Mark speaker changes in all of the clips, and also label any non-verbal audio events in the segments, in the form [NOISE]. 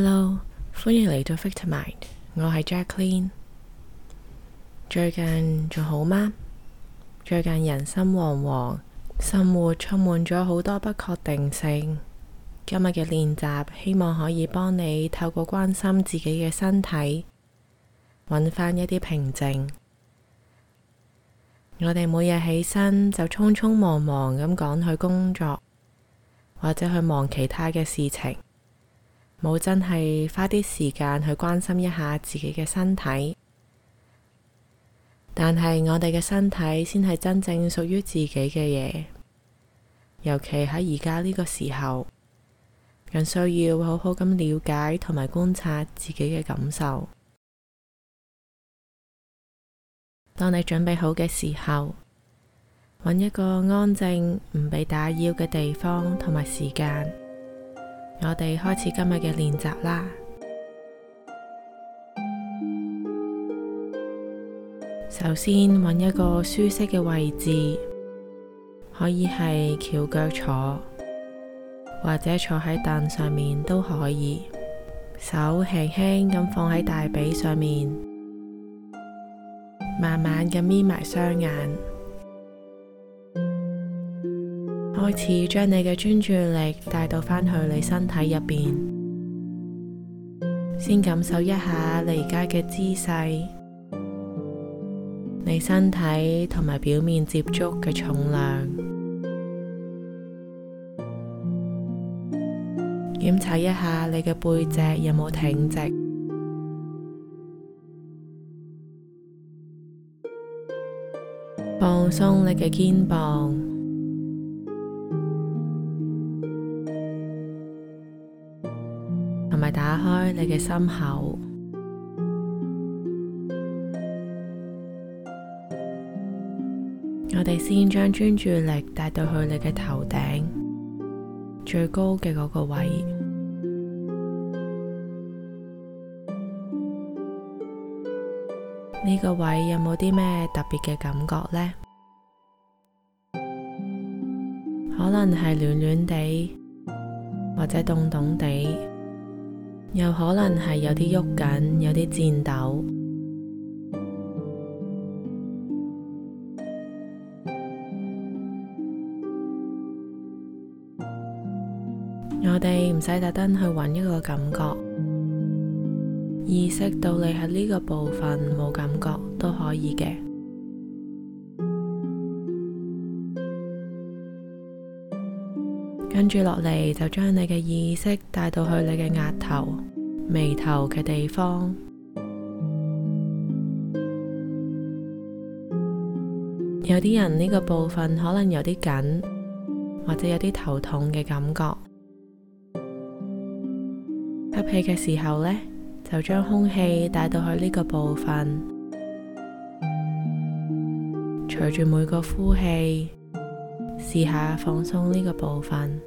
Speaker 1: hello，歡迎嚟到 Vitamind，我係 Jaclyn。最近仲好嗎？最近人心惶惶，生活充滿咗好多不確定性。今日嘅練習，希望可以幫你透過關心自己嘅身體，搵翻一啲平靜。我哋每日起身就匆匆忙忙咁趕去工作，或者去忙其他嘅事情。冇真係花啲時間去關心一下自己嘅身體，但係我哋嘅身體先係真正屬於自己嘅嘢。尤其喺而家呢個時候，更需要好好咁了解同埋觀察自己嘅感受。當你準備好嘅時候，揾一個安靜、唔被打擾嘅地方同埋時間。我哋開始今日嘅練習啦。首先，揾一個舒適嘅位置，可以係翹腳坐，或者坐喺凳上面都可以。手輕輕咁放喺大髀上面，慢慢咁眯埋雙眼。開始將你嘅專注力帶到返去你身體入邊，先感受一下你而家嘅姿勢，你身體同埋表面接觸嘅重量，檢查一下你嘅背脊有冇挺直，放鬆你嘅肩膀。同埋打開你嘅心口。我哋先將專注力帶到去你嘅頭頂最高嘅嗰個位。呢個位有冇啲咩特別嘅感覺呢？可能係暖暖地，或者凍凍地。又可能係有啲喐緊，有啲顫抖。 [MUSIC] 我哋唔使特登去揾一個感覺，意識到你喺呢個部分冇感覺都可以嘅。跟住落嚟，就將你嘅意識帶到去你嘅額頭、眉頭嘅地方。有啲人呢個部分可能有啲緊，或者有啲頭痛嘅感覺。吸氣嘅時候呢，就將空氣帶到去呢個部分。隨住每個呼氣，試下放鬆呢個部分。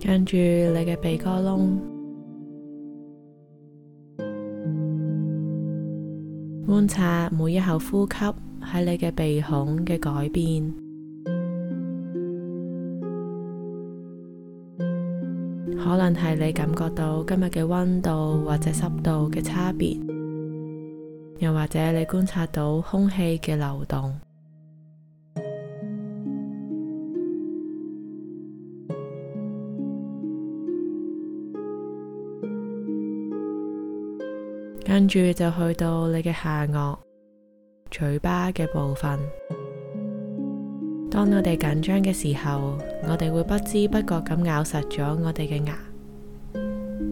Speaker 1: 跟住你嘅鼻哥窿，觀察每一口呼吸喺你嘅鼻孔嘅改變，可能係你感覺到今日嘅溫度或者濕度嘅差別，又或者你觀察到空氣嘅流動。跟住就去到你嘅下顎、嘴巴嘅部分。當我哋緊張嘅時候，我哋會不知不覺咁咬實咗我哋嘅牙。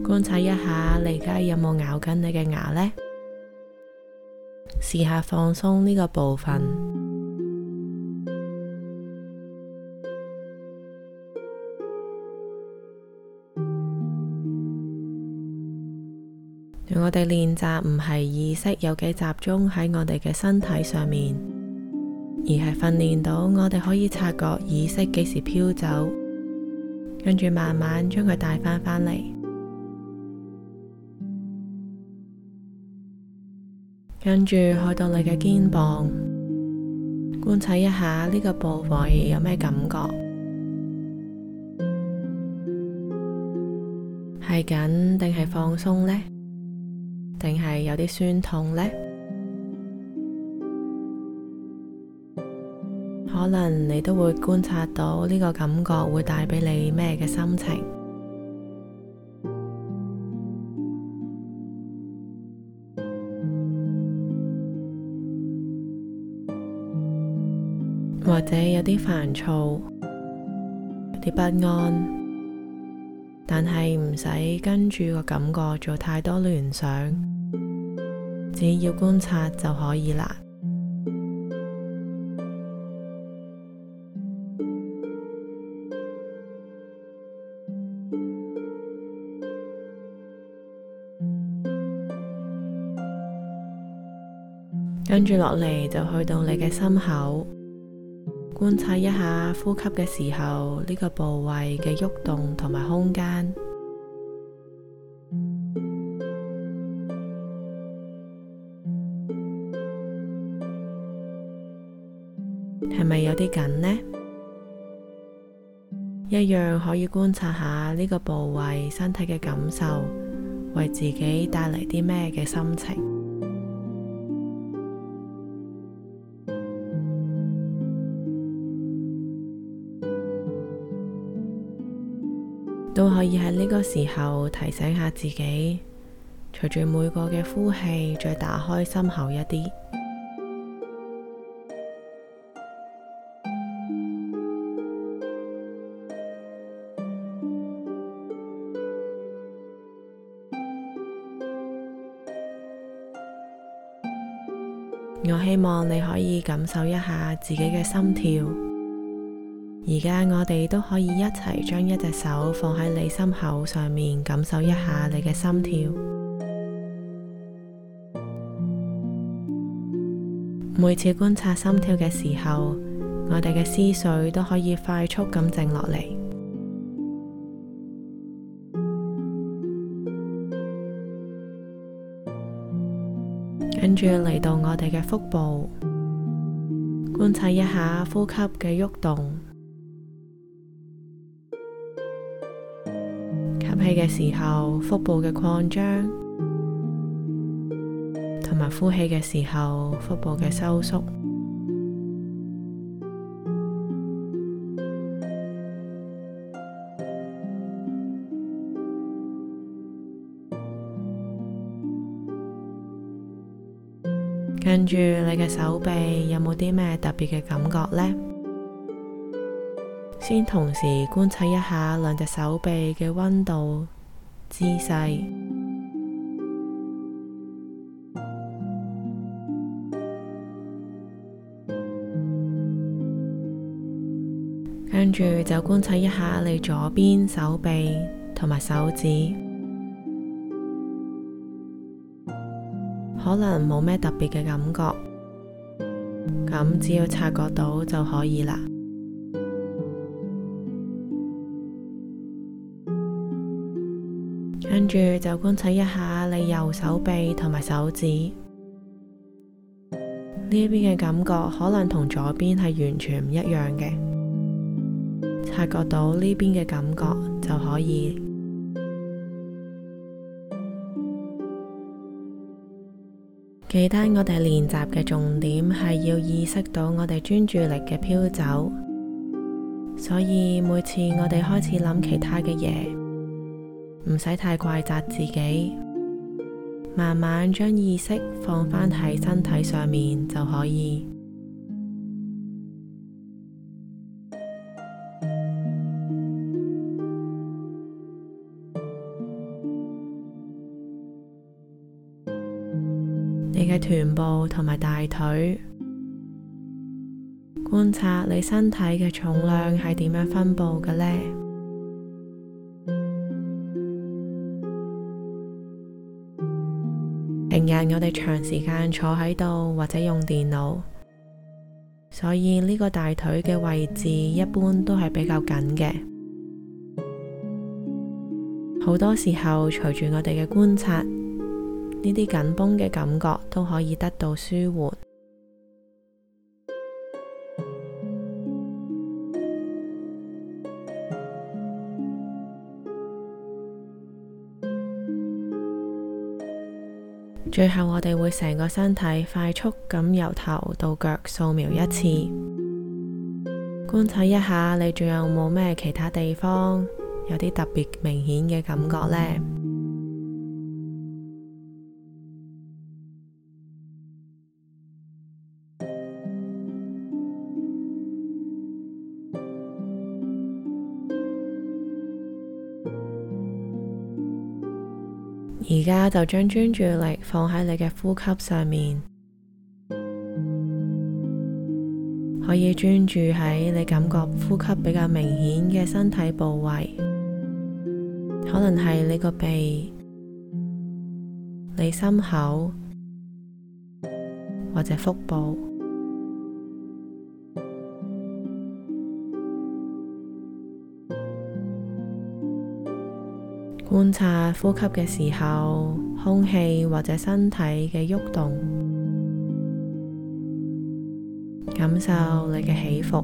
Speaker 1: 觀察一下，你而家有冇咬緊你嘅牙呢？試下放鬆呢個部分。我哋練習唔係意識有幾集中喺我哋嘅身體上面，而係訓練到我哋可以察覺意識幾時飄走，跟住慢慢將佢帶翻返嚟。跟住去到你嘅肩膀，觀察一下呢個部位有咩感覺，係緊定係放鬆呢？定係有啲酸痛呢？可能你都會觀察到呢個感覺會帶畀你咩嘅心情，或者有啲煩躁，有啲不安。但係唔使跟住個感覺做太多聯想，只要觀察就可以啦。跟住落嚟就去到你嘅心口。觀察一下呼吸嘅時候，呢、這個部位嘅喐動同埋空間，係咪有啲緊呢？一樣可以觀察下呢個部位身體嘅感受，為自己帶嚟啲咩嘅心情？都可以喺呢個時候提醒下自己，隨住每個嘅呼氣，再打開心口一啲。 [NOISE] 我希望你可以感受一下自己嘅心跳。而家我哋都可以一齊將一隻手放喺你心口上面，感受一下你嘅心跳。每次觀察心跳嘅時候，我哋嘅思緒都可以快速咁靜落嚟。跟住嚟到我哋嘅腹部，觀察一下呼吸嘅喐動。呼氣嘅時候，腹部嘅擴張，同埋呼氣嘅時候，腹部嘅收縮。跟住你嘅手臂有冇啲咩特別嘅感覺呢？先同時觀察一下兩隻手臂嘅溫度、姿勢，跟住就觀察一下你左邊手臂同埋手指，可能冇咩特別嘅感覺，咁只要察覺到就可以啦。跟住就觀察一下你右手臂同埋手指呢一邊嘅感覺，可能同左邊係完全唔一樣嘅。察覺到呢邊嘅感覺就可以。記得我哋練習嘅重點係要意識到我哋專注力嘅飄走，所以每次我哋開始諗其他嘅嘢。唔使太怪責自己，慢慢將意識放翻喺身體上面就可以。 [MUSIC] 你嘅臀部同埋大腿，觀察你身體嘅重量係點樣分布嘅呢？我哋長時間坐喺度，或者用電腦，所以呢個大腿嘅位置一般都係比較緊嘅。好多時候，隨住我哋嘅觀察，呢啲緊繃嘅感覺都可以得到舒緩。最後我哋會成個身體快速咁由頭到腳掃描一次，觀察一下你仲有冇咩其他地方有啲特別明顯嘅感覺呢？而家就將專注力放喺你嘅呼吸上面，可以專注喺你感覺呼吸比較明顯嘅身體部位，可能係你個鼻、你心口，或者腹部。觀察呼吸嘅時候，空氣或者身體嘅喐動，動，感受你嘅起伏。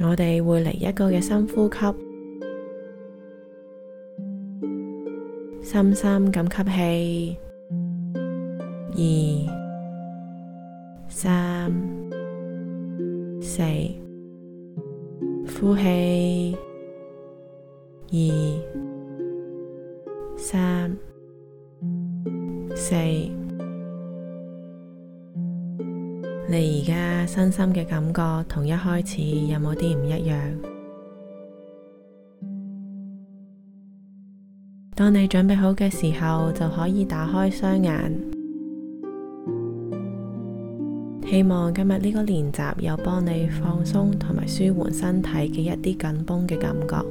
Speaker 1: 我哋會嚟一個嘅深呼吸。深深咁吸氣，二、三、四，呼氣，二、三、四。你而家身心嘅感覺同一開始有冇啲唔一樣？當你準備好嘅時候，就可以打開雙眼。希望今日呢個練習有幫你放鬆同埋舒緩身體嘅一啲緊繃嘅感覺。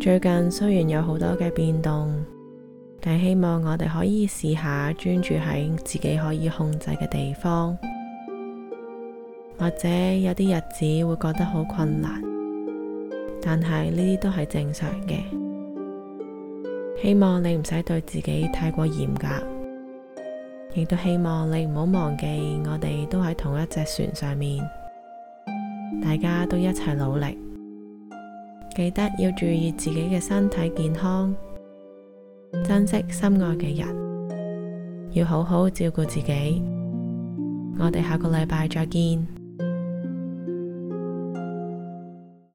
Speaker 1: 最近雖然有好多嘅變動，但希望我哋可以試下專注喺自己可以控制嘅地方。或者有啲日子會覺得好困難，但係呢啲都係正常嘅。希望你唔使對自己太過嚴格，亦都希望你唔好忘記，我哋都喺同一隻船上面，大家都一齊努力，記得要注意自己嘅身體健康，珍惜心愛嘅人，要好好照顧自己。我哋下個禮拜再見。